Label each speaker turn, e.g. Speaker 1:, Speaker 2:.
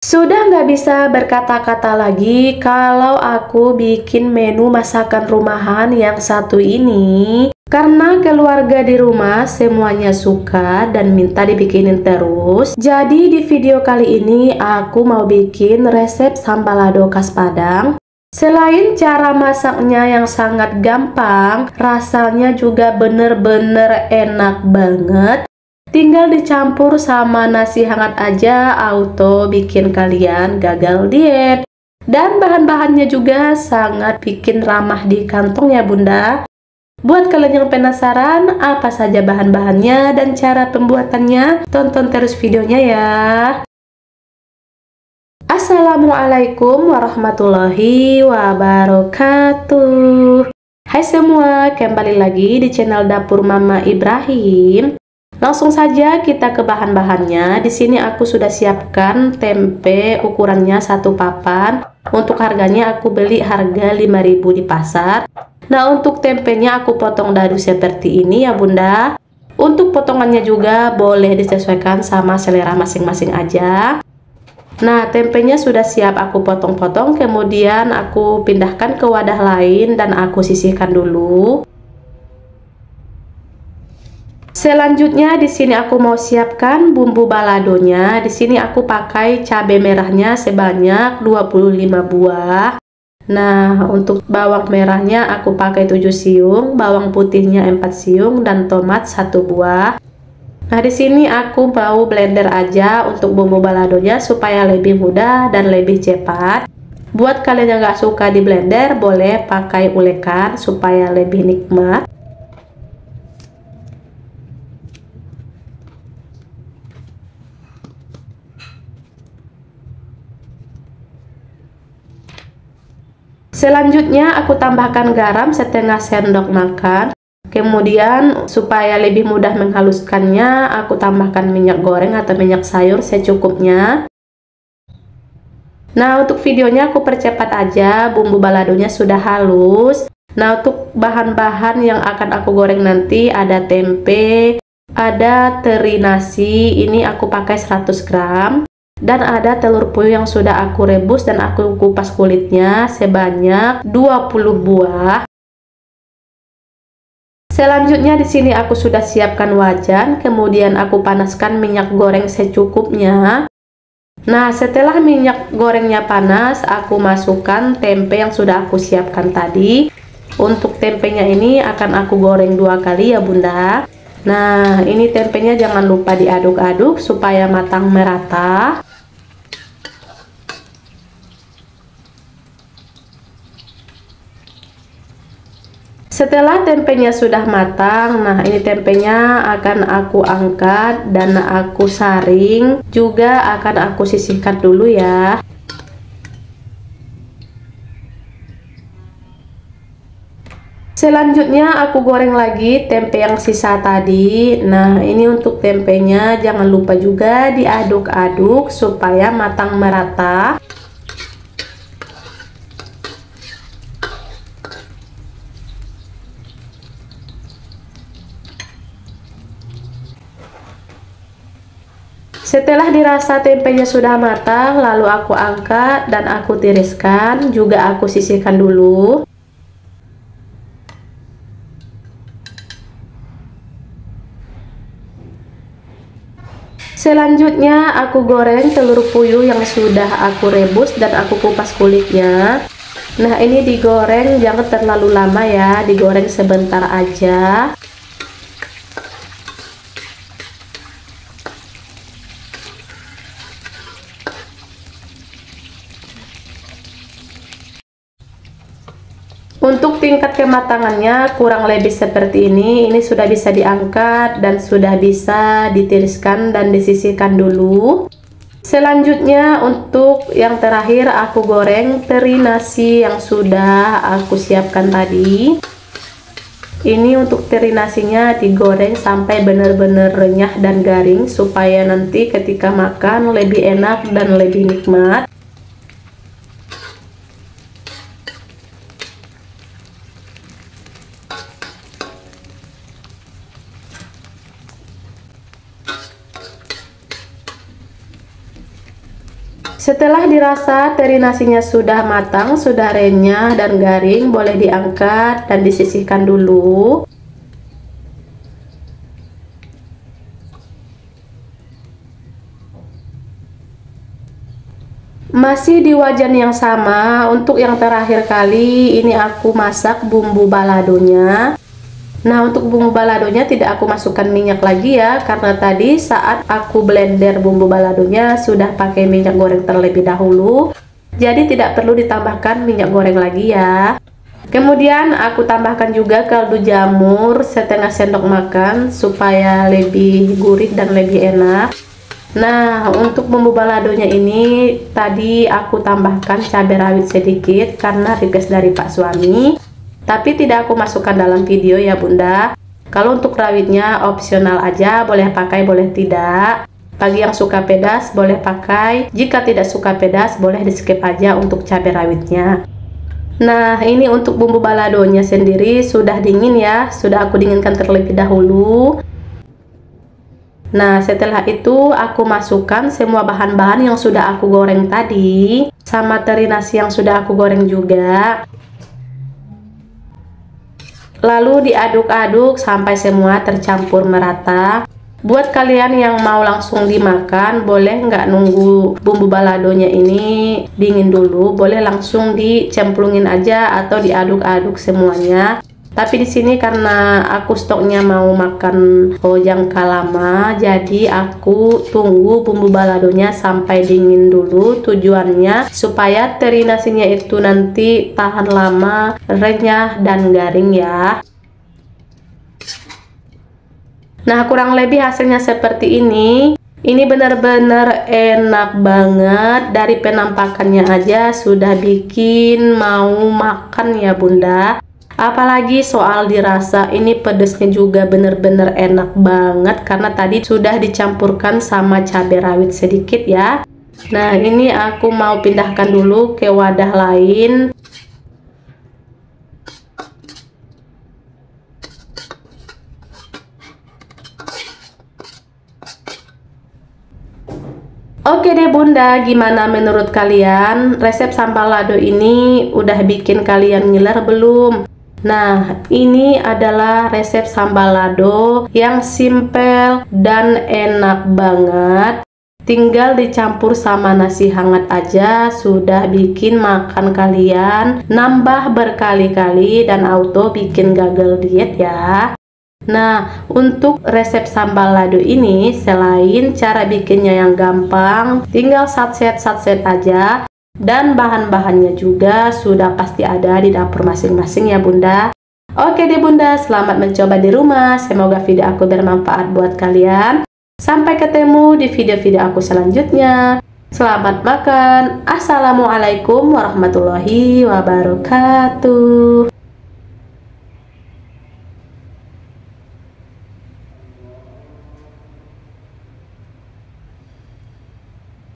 Speaker 1: Sudah nggak bisa berkata-kata lagi kalau aku bikin menu masakan rumahan yang satu ini karena keluarga di rumah semuanya suka dan minta dibikinin terus Jadi di video kali ini aku mau bikin resep sambalado khas Padang Selain cara masaknya yang sangat gampang, rasanya juga bener-bener enak banget Tinggal dicampur sama nasi hangat aja auto bikin kalian gagal diet. Dan bahan-bahannya juga sangat bikin ramah di kantong ya bunda. Buat kalian yang penasaran apa saja bahan-bahannya dan cara pembuatannya, tonton terus videonya ya. Assalamualaikum warahmatullahi wabarakatuh Hai semua, kembali lagi di channel Dapur Mama Ibrahim Langsung saja kita ke bahan-bahannya. Di sini aku sudah siapkan tempe ukurannya satu papan. Untuk harganya aku beli harga 5000 di pasar. Nah, untuk tempenya aku potong dadu seperti ini ya, Bunda. Untuk potongannya juga boleh disesuaikan sama selera masing-masing aja. Nah, tempenya sudah siap aku potong-potong, kemudian aku pindahkan ke wadah lain dan aku sisihkan dulu. Selanjutnya di sini aku mau siapkan bumbu baladonya. Di sini aku pakai cabai merahnya sebanyak 25 buah. Nah, untuk bawang merahnya aku pakai 7 siung, bawang putihnya 4 siung dan tomat 1 buah. Nah, di sini aku mau blender aja untuk bumbu baladonya supaya lebih mudah dan lebih cepat. Buat kalian yang gak suka di blender, boleh pakai ulekan supaya lebih nikmat. Selanjutnya aku tambahkan garam setengah sendok makan. Kemudian supaya lebih mudah menghaluskannya, aku tambahkan minyak goreng atau minyak sayur secukupnya. Nah, untuk videonya aku percepat aja, bumbu baladonya sudah halus. Nah, untuk bahan-bahan yang akan aku goreng nanti ada tempe, ada teri nasi, ini aku pakai 100 gram dan ada telur puyuh yang sudah aku rebus dan aku kupas kulitnya sebanyak 20 buah Selanjutnya di sini aku sudah siapkan wajan, kemudian aku panaskan minyak goreng secukupnya. Nah, setelah minyak gorengnya panas, aku masukkan tempe yang sudah aku siapkan tadi. Untuk tempenya ini akan aku goreng dua kali ya bunda. Nah, ini tempenya jangan lupa diaduk-aduk supaya matang merata. setelah tempenya sudah matang nah ini tempenya akan aku angkat dan aku saring juga akan aku sisihkan dulu ya Selanjutnya aku goreng lagi tempe yang sisa tadi Nah ini untuk tempenya jangan lupa juga diaduk-aduk supaya matang merata Setelah dirasa tempenya sudah matang, lalu aku angkat dan aku tiriskan, juga aku sisihkan dulu. Selanjutnya aku goreng telur puyuh yang sudah aku rebus dan aku kupas kulitnya Nah ini digoreng jangan terlalu lama ya digoreng sebentar aja Untuk tingkat kematangannya kurang lebih seperti ini. Ini sudah bisa diangkat dan sudah bisa ditiriskan dan disisihkan dulu. Selanjutnya untuk yang terakhir aku goreng teri nasi yang sudah aku siapkan tadi. Ini untuk teri nasinya digoreng sampai benar-benar renyah dan garing supaya nanti ketika makan lebih enak dan lebih nikmat. Setelah dirasa teri nasinya sudah matang, sudah renyah dan garing, boleh diangkat dan disisihkan dulu. Masih di wajan yang sama, untuk yang terakhir kali ini aku masak bumbu baladonya. Nah untuk bumbu baladonya tidak aku masukkan minyak lagi ya Karena tadi saat aku blender bumbu baladonya sudah pakai minyak goreng terlebih dahulu Jadi tidak perlu ditambahkan minyak goreng lagi ya Kemudian aku tambahkan juga kaldu jamur setengah sendok makan Supaya lebih gurih dan lebih enak Nah untuk bumbu baladonya ini tadi aku tambahkan cabai rawit sedikit Karena request dari pak suami tapi tidak aku masukkan dalam video ya bunda kalau untuk rawitnya opsional aja boleh pakai boleh tidak bagi yang suka pedas boleh pakai jika tidak suka pedas boleh di skip aja untuk cabai rawitnya Nah, ini untuk bumbu baladonya sendiri sudah dingin ya, sudah aku dinginkan terlebih dahulu. Nah, setelah itu aku masukkan semua bahan-bahan yang sudah aku goreng tadi, sama teri nasi yang sudah aku goreng juga. Lalu diaduk-aduk sampai semua tercampur merata. Buat kalian yang mau langsung dimakan, boleh nggak nunggu bumbu baladonya ini dingin dulu, boleh langsung dicemplungin aja atau diaduk-aduk semuanya tapi di sini karena aku stoknya mau makan pojang jangka jadi aku tunggu bumbu baladonya sampai dingin dulu tujuannya supaya terinasinya itu nanti tahan lama renyah dan garing ya nah kurang lebih hasilnya seperti ini ini benar-benar enak banget dari penampakannya aja sudah bikin mau makan ya bunda apalagi soal dirasa ini pedesnya juga bener-bener enak banget karena tadi sudah dicampurkan sama cabai rawit sedikit ya nah ini aku mau pindahkan dulu ke wadah lain Oke deh bunda, gimana menurut kalian? Resep sambal lado ini udah bikin kalian ngiler belum? Nah, ini adalah resep sambal lado yang simpel dan enak banget. Tinggal dicampur sama nasi hangat aja sudah bikin makan kalian nambah berkali-kali dan auto bikin gagal diet ya. Nah, untuk resep sambal lado ini, selain cara bikinnya yang gampang, tinggal satset-satset aja, dan bahan-bahannya juga sudah pasti ada di dapur masing-masing ya bunda Oke deh bunda, selamat mencoba di rumah. Semoga video aku bermanfaat buat kalian. Sampai ketemu di video-video aku selanjutnya. Selamat makan. Assalamualaikum warahmatullahi wabarakatuh.